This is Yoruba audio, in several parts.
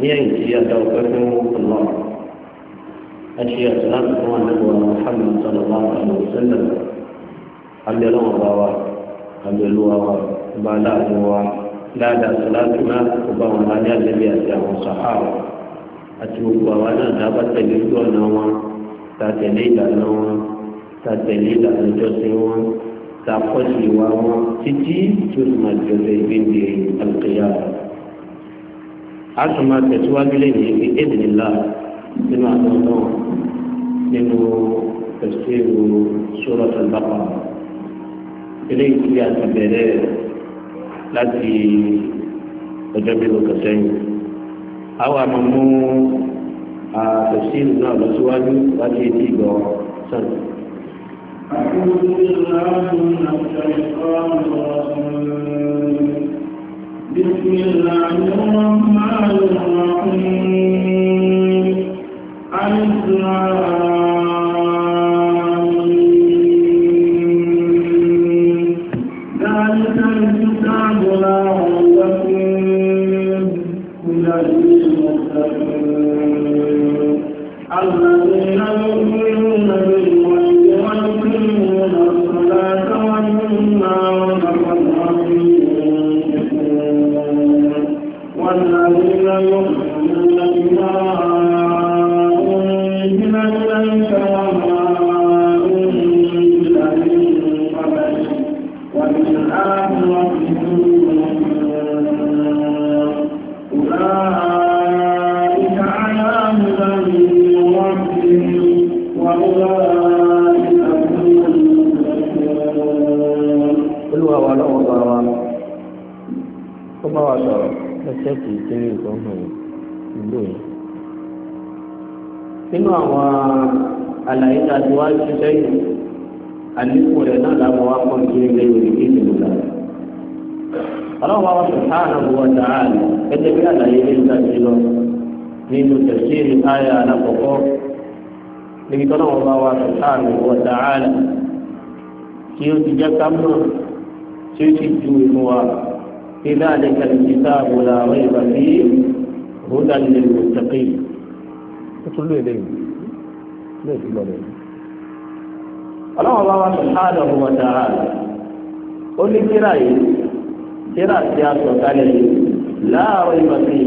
نيعي سيادة وكفر الله أشياء سلام الله محمد صلى الله عليه وسلم حمد الله وضعوا حمد الله وبالا الله لا دا صلاة ما وبعوا لا جال نبي أسيا وصحابة أتوقع وانا دابت تجدوا نوا تاتلي دا نوا تاتلي دا نجوسي تاقوشي وانا تجي تسمى جوزي بنتي القيامة a tún máa tẹ̀síwájú lẹ́yìn ibi ẹ̀dínlá nínú àtọ̀ náà nínú tẹ̀síwájú Suratul Baqara eléyìí tí a ti bẹ̀rẹ̀ láti ọjọ́ bí lókè sẹ́yìn àwọn àmọ́ mú tẹ̀síwájú náà lọ láti etí ìgbọ́ sọ̀rọ̀. أعوذ بالله من الشيطان الرجيم بسم الله الرحمن الرحيم الإسلام subhanahu wa ta'ala tí ó ti jẹ́ ká mọ̀ tí ó ti ju ìfún wa fi dhalika al-kitabu la rayba fihi hudan lil-muttaqin. ó tún lóye lẹ́yìn lóye tí lọ lẹ́yìn. ọlọ́run bá wa subhanahu wa ta'ala ó ní kíra yìí kíra tí a sọ kálẹ̀ yìí la rayba fihi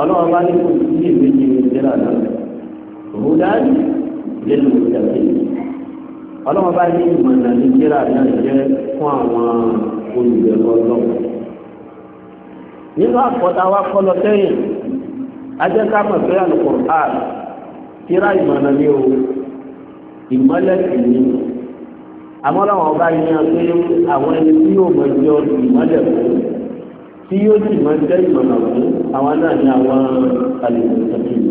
ọlọ́run bá ní kò sí ìwé jìnnì kíra náà hudan. nínú ìjàmbá ọlọ́wọ́n bá ní ìmọ̀nà nàìjíríà náà jẹ́ fún àwọn olùdẹ̀kọ́ ọlọ́wọ́ nínú àkọ́tà wa kọ́lọ sẹ́yìn ajẹ́ká pẹ̀lú àlùkò a tíra ìmọ̀nà ni o ìmọ̀lẹ̀ sì ni àmọ́ làwọn bá yan pé àwọn ẹni tí yóò mọ̀ jọ ìmọ̀lẹ̀ fún tí yóò sì mọ̀ jẹ́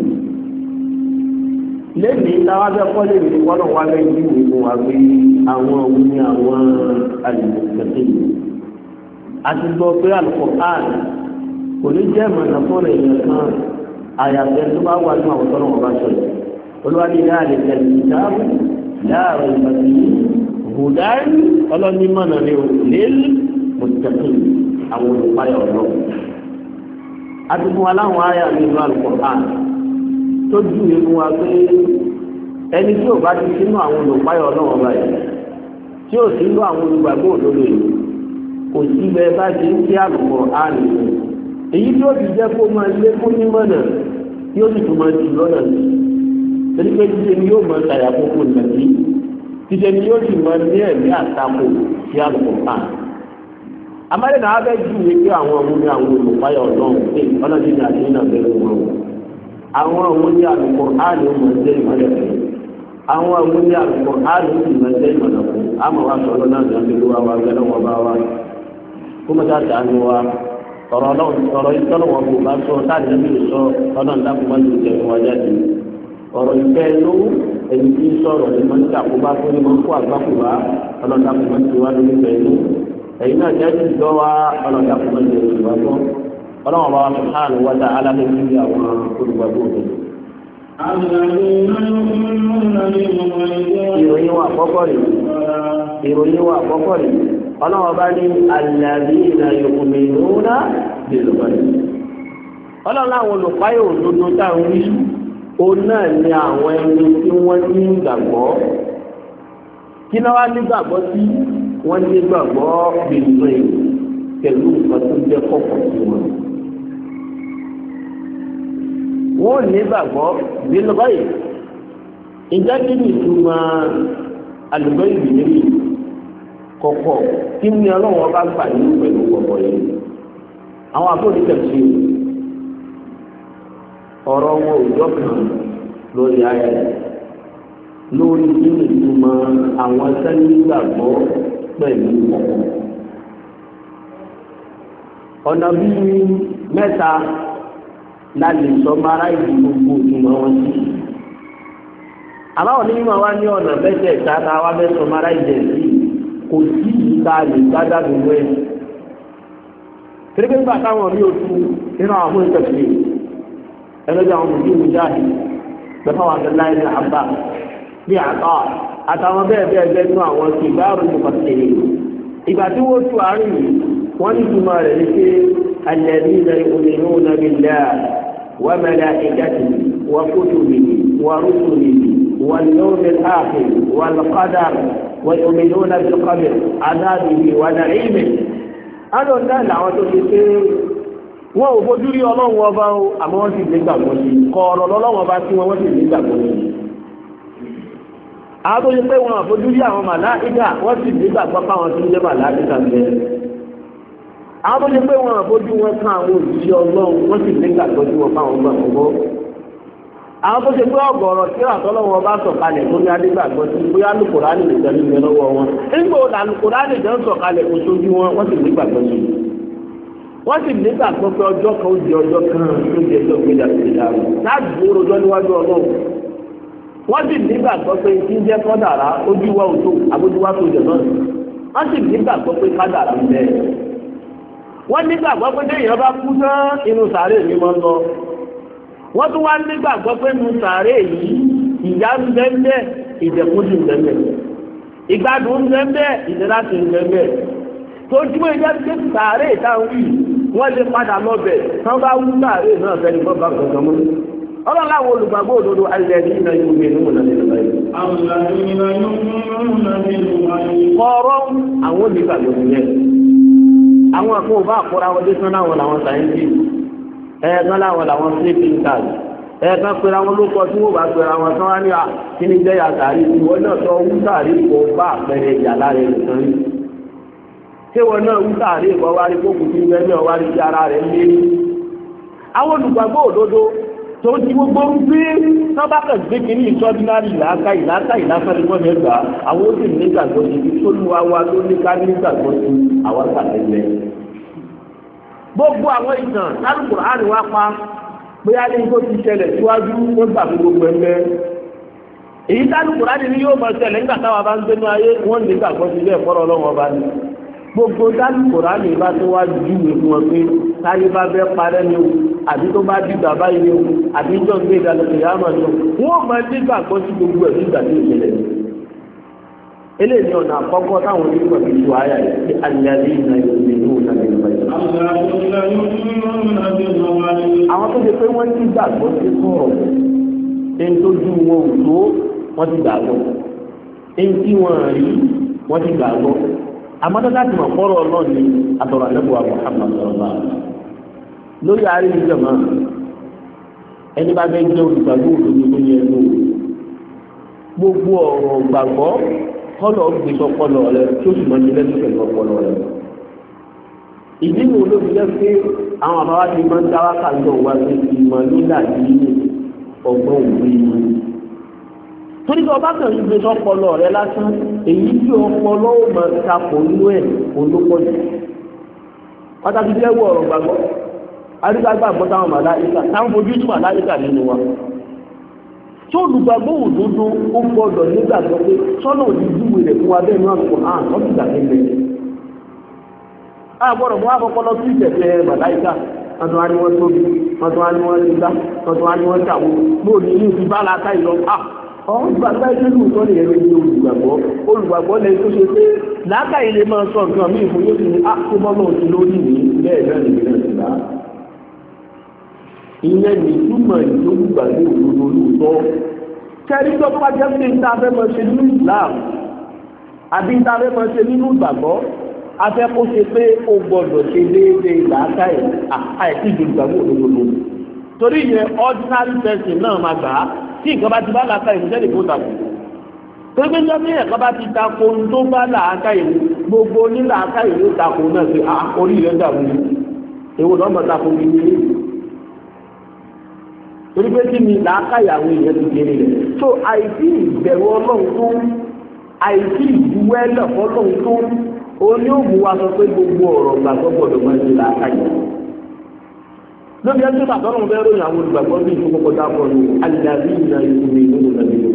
lẹ́yìn táwa fẹ́ kọ́ lè ní wọ́n wá lẹ́yìn ìwé fún wa pé àwọn òun ni àwọn alùpùpù àti gbọ́ pé Al-Qur'an kò ní jẹ́ mọ̀nà fún èèyàn kan àyàfẹ́ tó bá wà ní àwọn tọ́nà wọn bá sọ yìí olúwa ní láàrin tẹ̀lé ìdáàbò láàrin ìbàdí bùdáì ọlọ́ni mọ̀nà ni ò lélẹ̀ mọ̀tẹ́kùn àwọn olùpáyà ọ̀dọ́ àti fún wa láwọn àyà nínú Al-Qur'an. tó ju ìlú wa pé ẹni tí ò bá ti sínú àwọn olùpáyọ̀ ọlọ́wọ́ báyìí tí ò sínú àwọn olùgbàgbọ́ òdodo yìí kò sí bẹ́ẹ̀ bá ti ń kí àlùkò àlù èyí tí ó ti jẹ́ kó máa lé tí ó sì tún máa jù lọ́nà torí pé títẹ ni yóò máa ṣàyà kókó nàbí títẹ ni yóò sì máa ní ẹ̀mí àwọn àwọn ní Al-Qur'ani ó máa jẹ́ ìmọ̀lẹ̀ fún àwọn àwọn ní Al-Qur'ani máa jẹ́ ìmọ̀lẹ̀ fún wa sọ̀rọ̀ náà ní ọdún wa wa gbẹ́dọ̀ wọn bá wa kó mọ̀tà dànù wa ọ̀rọ̀ ọ̀rọ̀ wọn sọ táà níbi ìsọ ọ̀nà ìdàkùnmọ́ ní wa jáde ọ̀rọ̀ ìfẹ́ ló tí ń sọ̀rọ̀ ní mọ́ níta kó bá tó ní mọ́ kó ti wá lórí ọlọ́run bá wa subhanahu wa ta'ala fi fi àwọn olùgbàgbọ́ òde. ìròyìn wa àkọ́kọ́ rèé ìròyìn wa àkọ́kọ́ rèé ọlọ́run bá ní alladhina yu'minuna bil ghaib. ọlọ́run láwọn olùpáyọ̀ òdodo táwọn wí ó náà ní àwọn ẹni tí wọ́n ní ìgbàgbọ́ kí náà wá nígbàgbọ́ sí wọ́n ní ìgbàgbọ́ bìnnú pẹ̀lú nǹkan tó jẹ́ kọ̀ọ̀kan sí wọn wọ́n ní gbàgbọ́ nínú báyìí ìjà kí ni ìtumọ̀ àlùbọ́ ìlú níbi kọ̀kọ̀ kí ni ọlọ́wọ́ bá gbà nínú pẹ̀lú kọ̀kọ̀ yẹn àwọn àbúrò tẹ̀sí ọ̀rọ̀ wọn òjọ́ kan lórí ayé lórí kí ni ìtumọ̀ àwọn sẹ́ni gbàgbọ́ pẹ̀lú kọ̀kọ̀ ọ̀nà bíi mẹ́ta. láti sọmara ìlú gbogbo ìmọ̀ wọn sí. àbáwọn onímọ̀ wa ní ọ̀nà bẹ́sẹ̀ ìtajà wa bẹ́ sọmara ìjẹ̀ sí kò sí ìta lè gbádà gbogbo ẹ̀. tẹ́lifíṣẹ́ nígbà táwọn rí oṣù nínú àwọn ọmọdé tẹ̀sí ẹlẹ́dàá àwọn mùsùlùmí mùjáde lọ́fà wà lọ́la ẹ̀ àbá bí àbá àtàwọn bẹ́ẹ̀ bẹ́ẹ̀ bẹ́ẹ̀ nú àwọn ti báàrù ìgbà tí wọ́n àárín ní ìtumọ̀ rẹ̀ ní pé الذين يؤمنون بالله وملائكته وكتبه ورسله واليوم الآخر والقدر ويؤمنون بالقدر عذابه ونعيمه أنا لا لعوة wọn ò fojú rí ọlọ́run ọba o àmọ́ wọ́n sì nígbàgbọ́ sí i kọ ọ̀rọ̀ lọ́lọ́run ọba sí wọn wọ́n sì nígbàgbọ́ sí i. pé wọn àfojú rí àwọn màláìkà wọ́n sì nígbàgbọ́ fáwọn tó ń jẹ́ màláìkà bẹ́ẹ̀ àwọn tó ṣe pé wọn àbójú wọn kan àwọn òṣìṣẹ́ ọlọ́run wọ́n sì ní ìgbàgbọ́jú wọn fáwọn gbàgbọ́ àwọn tó ṣe pé ọ̀gọ̀rọ̀ tí àtọ́lọ́wọ́ bá sọ̀kalẹ̀ tó ní adégbàgbọ́ sí bóyá lùkùránì lè jẹ́ nílẹ̀ lọ́wọ́ wọn nígbà wo làlùkùránì jẹ́ ń sọ̀kalẹ̀ kó sójú wọn wọ́n sì nígbàgbọ́ sí i wọ́n sì nígbàgbọ́ pé ọjọ́ kan ó di ọjọ́ kan tó di ẹjọ́ gbéjà sí ìdáhùn láti gbòòrò ọjọ́ níwájú ọlọ́run wọ́n sì nígbàgbọ́ pé kí ń jẹ́ kọ́dàrá ojú wa òtó àbójúwá tó jẹ̀ náà wọ́n sì nígbàgbọ́ pé kádàrá ń bẹ́ẹ̀ wọ́n nígbàgbọ́ pé téèyàn bá kú tán inú sàárè mi máa ń lọ wọ́n tún wá nígbàgbọ́ pé inú sàárè yìí ìyà ń bẹ́ńbẹ́ ìdẹ̀kùn sì ń bẹ́ńbẹ́ ìgbádùn ń bẹ́ńbẹ́ ìdẹ̀ra sì ń bẹ́ńbẹ́ tójú ẹ̀jẹ̀ pé sàárè táwọn yìí wọ́n lè padà lọ́bẹ̀ tán bá wú sàárè náà fẹ́ni kọ́ bá kankan mọ́ ọlọ́run láwọn olùgbàgbọ́ òdodo alẹ́ni iná yóò gbé nínú ìlànà ìlànà yìí. kọ̀ọ̀rọ̀ àwọn onígbàgbọ́ yẹn àwọn àpò òbá àkóra wọlé tán láwọn làwọn sáyẹ́ńtì ẹ̀ẹ́dán láwọn làwọn sleeping card ẹ̀ẹ́dán pera wọn ló kọ tí wọ́n bá pera wọn tán wá ní à kí ni jẹ́ yàtàrí ìwọ náà sọ wú sàárè kò bá àpẹẹrẹ ìyà lára nìkan rí ṣé wọn náà wú sàárè kọ wá rí kókùn ń bẹ́ẹ̀ náà wá rí ti ara rẹ̀ ń lé àwọn olùgbàgbọ́ òdodo tó ti gbogbo ń gbé nọ́bà kan gbé kínní ìsọ́dínárì làákà ìlàákà ìlàákà ni wọ́n yẹn gbà àwọn ó sì ní gbàgbọ́ sí i tó lu awa tó ní ká ní gbàgbọ́ sí àwọn àtàlẹ́lẹ́. gbogbo àwọn ìtàn lálùkò àrùn wa pa pé á ní kó ti ṣẹlẹ̀ síwájú ó gbà fún gbogbo ẹgbẹ́. èyí lálùkò àrùn ni yóò máa ṣẹlẹ̀ nígbà táwa bá ń gbénu ayé wọ́n ní gbàgbọ́ sí ilé ẹ̀kọ́ gbogbo dálùkò ránì bá tó wá ju ìfún ọ pé táyé bá fẹ́ parẹ́ ni o àbí tó bá dìgbà báyìí ni o àbí tó gbé ìdálókè yàrá máa lọ wọn máa dìgbà gbọ́ sí gbogbo ẹ̀ nígbà tó ìṣẹ̀lẹ̀ eléyìí ni ọ̀nà àkọ́kọ́ táwọn onímọ̀ fi tu àyà yìí sí alẹ́ iná ìlú ìlú ìlànà ìlú ìlànà. àwọn tó ṣe pé wọ́n ti gbàgbọ́ sí sọ̀rọ̀ ẹni tó ju wọn ò tó wọ́n ti gbàgbọ́ ẹni tí wọ́n rí wọ́n ti gbàgbọ́ àmọ́ tó láti mọ̀ fọ́rọ̀ ọlọ́ọ̀ni àtọ̀rọ̀ àlẹ́bùwà Muhammad sọ̀rọ̀ báyìí lórí àríwíjọ máa ẹni bá fẹ́ jẹ́ olùgbàgbọ́ òdodo tó yẹ lò gbogbo ọ̀rọ̀ gbàgbọ́ kọ́lọ̀ gbèsò ọpọlọ rẹ tí ó sì mọ̀ nílẹ̀ tó pẹ̀lú ọpọlọ rẹ. ìdí mi ló fi jẹ́ pé àwọn àbáwá ti máa ń dá wákà lọ wá sí ìmọ̀ nígbà tí ọgbọ́n òwe ni. torí pé ọba kan gbèsò ọpọlọ rẹ lásán èyí tí ọpọlọ ò máa ta kò nú ẹ̀ olókọ́jù. pàtàkì jẹ́ wọ ọ̀rọ̀ gbàgbọ́ arígbàgbà àgbọ́ta àwọn màláìkà táwọn fojú tó màláìkà nínú wa tí olùgbàgbọ́ òdodo ó gbọdọ̀ nígbàgbọ́ pé sọ́nà òdìdúwe rẹ̀ fún wa bẹ́ẹ̀ ní àpò àn wọ́n ti gbàgbé lẹ̀ àgbọ̀dọ̀ mú àkọ́kọ́ lọ sí ìtẹ̀fẹ́ màláìkà tọ́tún wá ní wọ́n tóbi tọ́tún wá ní wọ́n ti gbá tọ́tún wá ní wọ́n ṣàwó bó ní ní ti bá la ká ìlọ à ọ̀hún gba sáyẹ́sì lóòótọ́ nìyẹn ló ní olùgbàgbọ́ olùgbàgbọ́ lẹ́yìn tó ṣe pé làákàyè lè máa sọ nǹkan míì fún yóò ah, ti òsì lórí mi bẹ́ẹ̀ náà nìyẹn náà ti bá a ìyẹn ní túmọ̀ ìdókùgbà ní òdodo lóòótọ́ kẹrí tó bá jẹ́ pé tá a fẹ́ mọ ṣe nínú Islam àbí tá a fẹ́ mọ ṣe nínú ìgbàgbọ́ a fẹ́ kó ṣe pé o gbọ́dọ̀ ṣe déédéé làákà ẹ̀ àìsí ìdókùgbà ní òdodo lò torí ìyẹn ordinary person náà máa gbà á tí nǹkan bá ti bá làákà ẹ̀ níṣẹ́ lè kó tàbí pépé lọ́mí ẹ̀kọ́ bá ti tako ohun tó bá làákà ìlú gbogbo onílàákà ìlú tako náà sí orí rẹ̀ dàrú ewu lọ́mọ tako mi ní torí pé kí ni làákàyàwó ìyẹn ti rẹ̀ so àìsí ìbẹ̀rù ọlọ́run tó àìsí ìdúwẹ́lẹ̀ ọlọ́run tó oní òmù wa sọ pé gbogbo ọ̀rọ̀ gbàgbọ́ gbọ́dọ̀ máa ń ṣe làákàyà lóbi ẹjọ́ tàbí ọlọ́run fẹ́ ròyìn àwọn olùgbàgbọ́ bí ìlú kọ́kọ́ dábọ̀ ní alìyàbí ìyá ìlú ní ìlú nàbí ìlú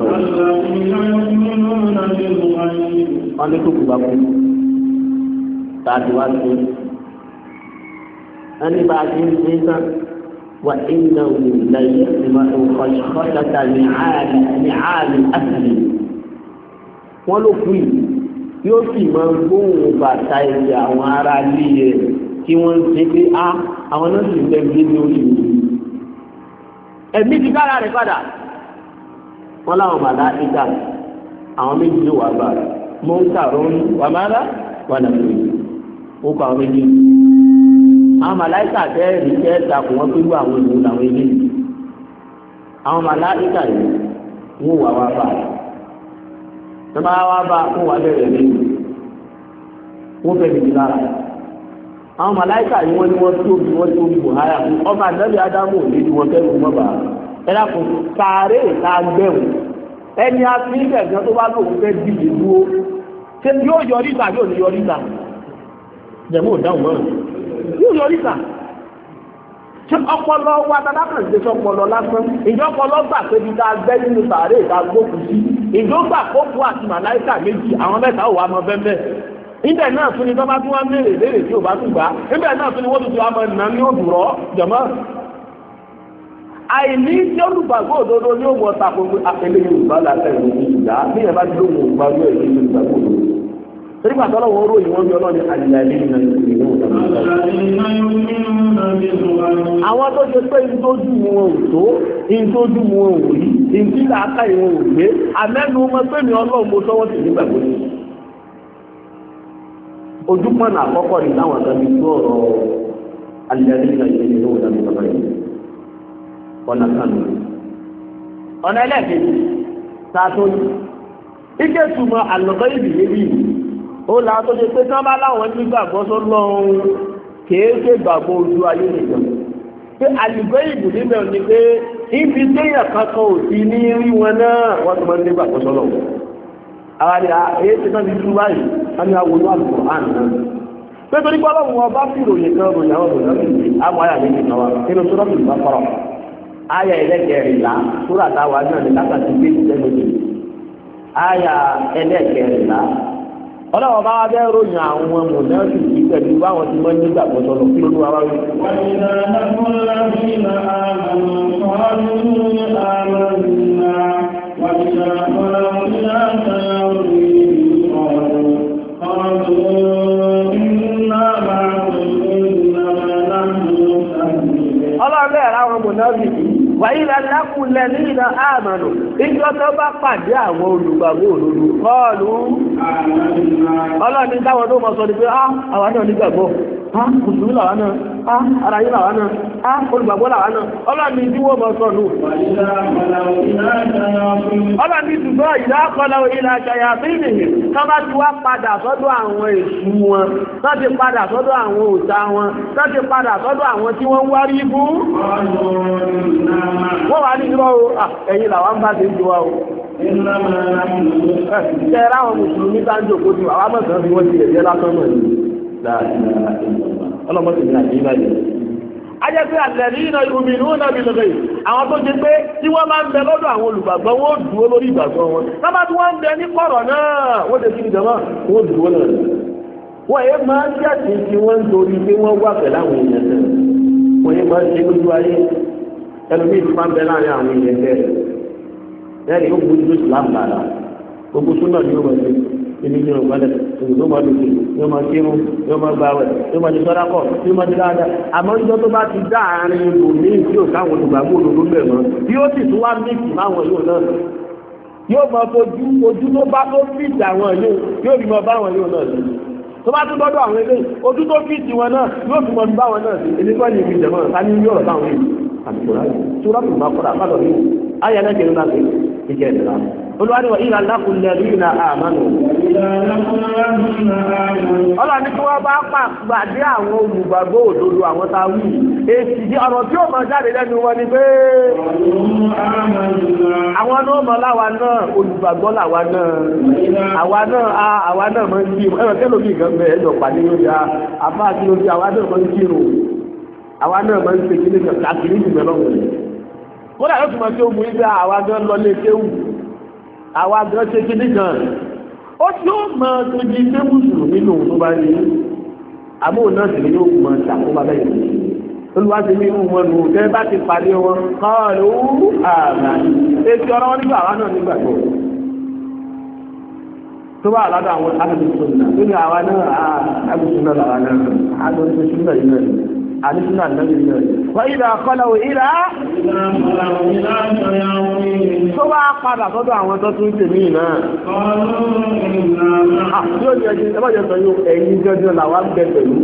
báyìí. wọ́n ní tó kù bá kú tàbí wá sí ẹni bá a ti ń ṣe é tán. وإنه ليسمع خشخشة نعال نعال أهله wọ́n ló fún yìí yóò sì máa gbóhùn bàtà ẹ̀jẹ̀ àwọn ará ilé rẹ̀ tí wọ́n ń ṣe pé á ah, àwọn náà sì fẹ́ gbé lórí mi. ẹ̀mí ti dára rẹ̀ padà wọ́n láwọn bàtà ìta àwọn méjì ló wà bá mọ́ńkà rọ́ọ̀nù wàmárà wà nàbẹ̀rẹ̀ ó kọ àwọn méjì àwọn màláìkà tẹ́ẹ̀rì jẹ́ takò wọ́n pẹ̀lú àwọn ìlú làwọn ilé yìí àwọn màláìkà yìí wọ́n wà wá bá a tó bá wá bá wọ́n wà bẹ̀rẹ̀ lé wọ́n fẹ́ bìbí lára àwọn màláìkà yìí wọ́n ní wọ́n tóbi wọ́n tóbi buhari àti ọba àdàbí adamu òde ni wọ́n kẹ́rù mọ́ bá a ẹ dàpọ̀ sàárè ta gbẹ̀wò ẹni afíríkà ẹ̀gbọ́n tó bá lóun fẹ́ dìbò dúró ṣé yóò yọrí ìgbà yóò ní yọrí ìgbà jẹ̀mú ò dáhùn mọ́ràn yóò yọrí sà ṣé ọpọlọ wa dada kan ṣe ṣe ọpọlọ lásán ìjọ ọpọlọ gbà pé bí ká gbẹ nínú sàárè ìta gbókùn sí ìjọ gbà kókó àti màláìkà méjì àwọn mẹ́ta ò wá mọ bẹ́ẹ̀ níbẹ̀ náà tún ni bá bá tún wá mèrè léèrè tí ò bá tún gbà níbẹ̀ náà tún ni wọ́n tuntun àmọ́ ìnà ní òdùrọ̀ jọ̀mọ́. àìní tí olùgbàgbọ́ òdodo ah, ní òwò ọ̀tà gbogbo àtẹlẹ́yìn ògbà làtẹ̀ ìlú ìgbà bí ẹ bá dúró ògbà yóò èyí olùgbàgbọ́ òdodo. torí pàtó ọlọ́wọ́ oró ìwọ́n bí ọlọ́ni àlìlàlí ìnà na ọ̀tàmọ́. àwọn tó ṣe pé ìtọ́jú wọn ò tó ìtọ́jú wọn ò rí ìtìlá aká ìwọ̀n ò gbé àmẹ́nu ọmọ pé mi ọlọ́run mo sọ́wọ́ sí ni táwọn àgbà mi tó ọ̀rọ̀ àlìlàlí ìnà ìlú ọ̀tàmọ́ ọ̀nà kanu. ọ̀nà ẹlẹ́ẹ̀kejì tá a tó ike tuma alọ́kọ́ ìbìlẹ̀ bíi ó là á tó ṣe pé tán bá láwọn nígbàgbọ́ tó lọ́hùn kèé ṣe gbàgbọ́ ojú ayé nìkan pé àlùgbé ìbò níbẹ̀ ni pé ibi téèyàn kankan ò sí ní rí wọn náà wọ́n ti máa ń nígbàgbọ́ sọ́lọ̀ àwọn àdìyà èyí ti tán ti tú báyìí wọn ni àwọn olú àlùkò àná nítorí pé ọlọ́run ọba fi ìròyìn kan ròyìn àwọn òṣèlú ìdí àwọn àyà méjì kan wá nínú sọ́dọ̀tì ìgbà kọ́rọ̀ àyà ẹlẹ́kẹrìnlá sórí àtàwọn àjọ ní látàtì ọlọ́wọ́ bá wá bẹ́ẹ̀ ròyìn àwọn mọ̀lẹ́sì yìí pẹ̀lú báwọn ti mọ́ nígbà lọ kí ló wá bẹ́ẹ̀ ráwọn wàyí lalákù lẹ́nu iná àmàlù ìjọ tó bá pàdé àwọn olùgbàgbọ́ òdodo kọ́ọ̀lù ọlọ́ọ̀ni táwọn tó mọ̀ sọ ni pé ah, àwọn náà nígbàgbọ́ kùsùn ah, làwọn náà á ah, ara yìí làwọn náà á ah, olùgbàgbọ́ làwọn náà ọlọ́ọ̀ni tí wọ́n mọ̀ sọ̀nù. ọlọ́ọ̀ni ṣùgbọ́n ìdá kọlọ ilẹ̀ àṣàyà fíìmì tó bá ti wá padà sọ́dọ̀ àwọn èṣù wọn tó ti padà sọ́dọ̀ àwọn òòṣà wọn tó ti padà sọ́dọ̀ àwọn tí wọ́n wá ní irọ́ o ah, ẹ̀yin làwọn bá ti ń wa o eh, ṣe ra àwọn mùsùlùmí bá ń jòkó ju àwọn amọ̀sán fi wọ́n ti ẹ̀jẹ̀ lásán náà ni ọlọ́mọ sì ní àdéhùn báyìí. ajá sí àtẹ̀lí iná omi ìlú náà bí lọ́dọ̀ yìí àwọn tó ti pé tí wọ́n máa ń bẹ lọ́dọ̀ àwọn olùgbàgbọ́ wọn ó dúró lórí ìgbàgbọ́ wọn sábà wọ́n ń bẹ ní kọ̀rọ̀ náà wọ́n ti kiri jọmọ́ wọ́n dúró náà wọ́n yẹ máa ń jáde tí wọ́n ń torí pé wọ́n wà pẹ̀lú èèyàn náà wọ́n yẹ máa ń ṣe lójú ayé ẹlòmíì ti máa ń bẹ láàrin àwọn èèyàn bẹ́ẹ̀ bẹ́ẹ̀ ni ó gbójú lóṣù láǹbàrà èmi ti rò gbọ́dọ̀ èmi tó mọ̀ lùkì yóò mọ̀ kírun yóò mọ̀ gbàwẹ̀ yóò mọ̀ ti sọ́dá pọ̀ yóò mọ̀ ti dáadáa àmọ́ ìjọ tó bá ti dá àárín ibò ní ìdí òkáwọn olùgbàgbọ́ òdodo bẹ̀ mọ́ yóò sì tún wá mìkì máwọn yóò náà yóò mọ fojú ojú tó bá tó fìdí àwọn yóò yóò fi mọ báwọn yóò náà lò tó bá tún gbọ́dọ̀ àwọn eléyìí ojú tó fìdí wọn náà yóò fi mọ báwọn náà lò àtùkùránì túrọ́pù bá kọ́ra bá lọ rí ayé náà jẹun náà fi ìjẹ ìlera olùwádìí wa ìlà lákùnlẹ̀ rí iná àmánu. ọlọ́ni tí wọ́n bá pàgbàdé àwọn olùgbàgbọ́ òdodo àwọn tá a wí èsì di ọ̀rọ̀ tí ó mọ jáde lẹ́nu wọn ni pé àwọn náà mọ láwa náà olùgbàgbọ́ làwa náà àwa náà àwa náà mọ ń kírun ẹ̀rọ kẹ́lòmí kan bẹ̀ ẹ̀jọ̀ pàdé lórí àbá àti lórí àwa náà mọ ń kírun àwa náà máa ń ṣe kí ní ìjọ káàkiri ìjùmọ̀ lọ́wọ́ rẹ̀ kódà yóò tún máa ṣe ohun ìgbà àwa gan lọ lé kéwù àwa gan ṣe kí ní gan ó tí ó máa tó di pé mùsùlùmí lòun tó bá ní àmọ́ òun náà sì ni yóò máa ṣàkóbá bẹ́ẹ̀ yìí olùwà ti ní ìhùn wọn nù bẹ́ẹ̀ bá ti pàdé wọn kọ́ọ̀lù àmà ètò ọ̀rọ̀ wọn nígbà àwa náà nígbà tó tó bá aládà àwọn alùpùpù náà nínú àwa náà alùpùpù náà làwa náà alùpùpù náà yìí náà àdísínà lẹ́yìn rẹ̀. wọ́n ìlà kọ́lọ̀ ìlà. tó bá padà sọ́dọ̀ àwọn tó tún tèmi náà. yóò ní ẹjẹ ẹ bá jẹ sọ yóò ẹyin jọjọ làwọn bẹ pẹ̀lú.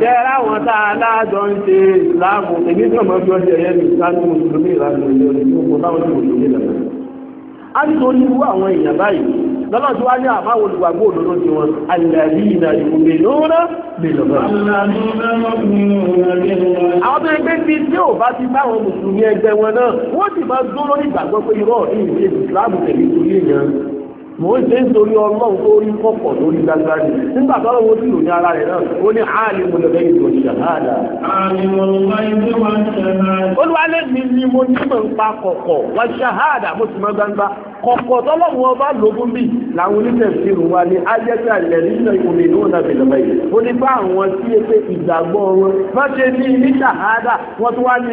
jẹ́ra wọn tá a láàjọ ń ṣe ìsìláàmù èmi tí wọ́n mọ̀ fi ọdún ẹ̀yẹ́ mi sáájú mùsùlùmí ìlànà ìlú ọdún tó kọ táwọn ti mùsùlùmí lọ́nà a nítorí irú àwọn èèyàn báyìí lọ́nà tí wá ní àmá olùgbàgbọ́ òdodo ti wọn àlàyé ìnà ìkùnbẹ̀ lóòrá bèlọ́gbà. àwọn tó ń gbé bí tí ò bá ti báwọn mùsùlùmí ẹgbẹ́ wọn náà wọ́n sì máa dúró lórí ìgbàgbọ́ pé irọ́ ọ̀rẹ́ ìwé ìsìlámù tẹ̀lé torí èèyàn mò ń ṣe nítorí ọlọ́run tó rí kọ̀kọ̀ lórí gbàgbàrí nígbà tó lọ́wọ́ sí òní ara rẹ̀ náà ó ní mo ni mo ní mọ̀ ń pa kọ̀kọ̀ wá ṣàhádà mo sì kọkọ gbangba kọ̀kọ̀ ọba lógún bì làwọn ní àlẹ́ nínú ní àbẹ̀lẹ̀ báyìí bá àwọn ìgbàgbọ́ wọn bá ṣe ní ní ṣàhádà tún wá ní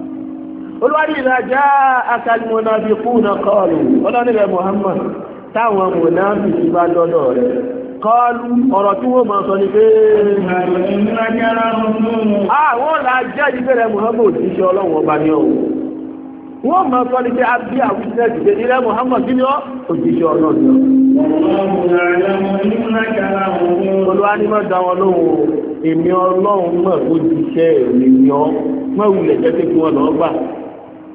olùwárí ìlàjà akalimola bíi kúnà kọlù ọlọ́nìrẹ Muhammad táwọn mọ̀nàbí ti bá rẹ̀ kọlù ọ̀rọ̀ tí wọ́n máa sọ pé àwọn ìbẹ̀rẹ̀ ọlọ́wọ́ ọ̀hún wọ́n sọ ní pé a bí àwùjọ ilẹ̀ Muhammad ni ọ́ òjíṣẹ́ máa lóhùn èmi ọlọ́run mọ̀ kó èmi mọ̀ wulẹ̀ jẹ́ pé kí wọ́n gbà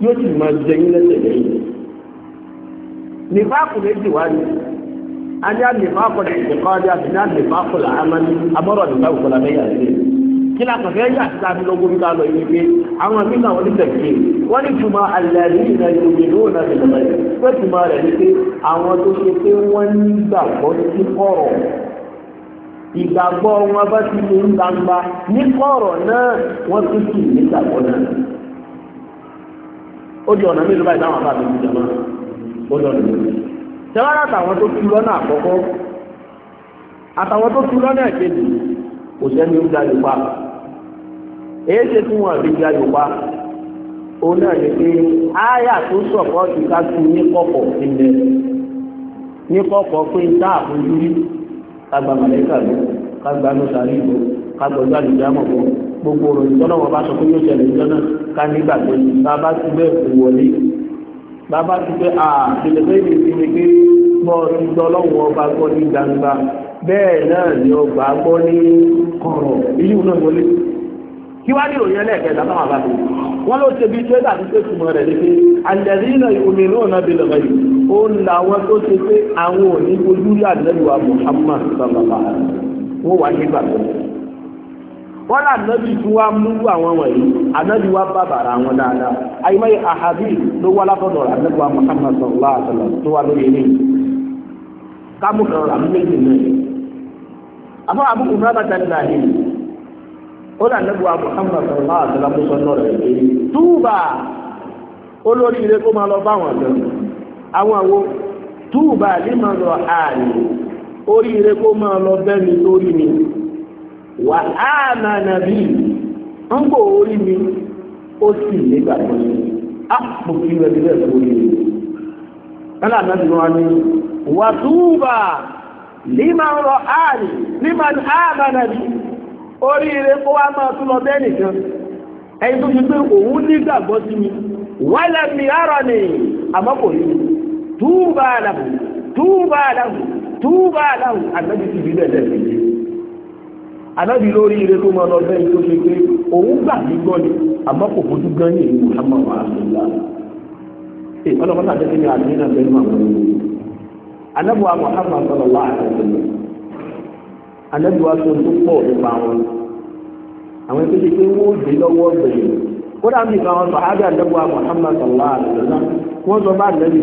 yóò sì máa jẹ yín lẹ́sẹ̀ lẹ́yìn. nìfàkù méjì wá ní ani àlèfàkù ní ìkọ́ni àti ní àlèfàkù là ámá ní abọ́rọ̀ nígbà wò kọ́lá bẹ́yà sí i. kí la kàfẹ́ yà sí àfi lọ́gbọ́n mi ká lọ yìí pé àwọn mi náà wọ́n ti tẹ̀sí wọ́n ní tuma alẹ́rí ìrìnà ìròyìn ló wọ́n ti tẹ̀sí pé tuma rẹ̀ ni pé àwọn tó ṣe pé wọ́n nígbàgbọ́ sí kọ̀rọ̀ ìgbàgbọ́ wọn bá ti ní gbangba ní kọ̀rọ̀ náà wọ́n tún sì nígbàgbọ́ náà ó di ọ̀nà mélòó báyìí táwọn àbáàbí ti jọba ó lọ nìyẹn tẹ́wọ́n àtàwọn tó tu lọ́nà àkọ́kọ́ àtàwọn tó tu lọ́nà ìkejì kò sẹ́ni ó jáde pa èyí ṣe tí wọ́n àbí jáde pa òun náà ní pé áyà tó sọ̀kọ́ ti ká tu ní kọ̀kọ̀ ilẹ̀ ní kọ̀kọ̀ pé tá àfojúrí kágbà màlẹ́kà ló kágbà ló sàrí ìbò kágbà ló àlùjámọ̀ bò gbogbo òròyìn tọ́lọ́ wọn bá sọ pé yóò ṣẹlẹ̀ ìjọ náà ká nígbàgbọ́ ni bàbá ti bẹ́ẹ̀ kú wọlé bàbá ti pé à ìṣẹ̀lẹ̀ bẹ́ẹ̀ ni ti ni pé gbọ́ ti gbọ́ lọ́wọ́ ọba gbọ́ ní gbangba bẹ́ẹ̀ náà ni ọgbà gbọ́ ní kọ̀rọ̀ ìlú náà wọlé kí wá ní ìròyìn ẹlẹ́ẹ̀kẹta náà bá dé wọ́n ló ṣe bí tẹ́lá ní pé tùmọ̀ rẹ̀ ní pé àlẹ́rìnà omi náà náà bẹ̀rẹ̀ rẹ̀ ó ń la wọn tó ṣe pé àwọn òní ojú yà lẹ́nu àmọ́ àmọ́ bàbá wọn wà nígbàgbọ́ wọ́n lá ànábì tí wọ́n mú àwọn wọ̀nyí ànábì wá bá bàrà àwọn dáadáa àhàbí ló wá látọ̀dọ̀ ànábì wa Muhammad sallallahu alaihi tó wá lóye ní kámú kan rà náà àbúkù náà bàtà ní ó ànábì wa Muhammad sallallahu alaihi wa sallam rẹ̀ pé túbà olórí ilé kó máa lọ bá lọ oríire kó máa lọ wà á nà nàbí ń gbò mi ó sì nígbà tó ṣe á kò kí rẹ̀ nílẹ̀ tó rí mi. Kálá nàbí wọn ni wà túbà lima ń rọ áàlì lima ń áàmà nàbí oríire kó wá máa tún lọ bẹ́ẹ̀ nìkan ẹni tó pé òun nígbàgbọ́ sí mi àrọ̀ ni àmọ́ kò rí mi túbà làwù túbà làwù túbà anábì lórí ire tó máa lọ bẹ́ẹ̀ tó ṣe pé òun gbà mí gbọ́ ni àmọ́ kò fojú gan ní ìlú muhammadu alayhi ẹ ọlọ́pàá náà tẹ́lẹ̀ ní àdéhùn náà bẹ́ẹ̀ máa wọlé anábùwà muhammadu sallallahu alaihi wasallam anábìwá tó tó pọ̀ nípa wọn àwọn tó ṣe pé wọ́n dé lọ́wọ́ bẹ̀rẹ̀ kódà ń bí kan wọn sọ ábẹ́ àdẹ́gbọ́ Muhammad sallallahu alaihi wasallam wọ́n sọ bá lẹ́bi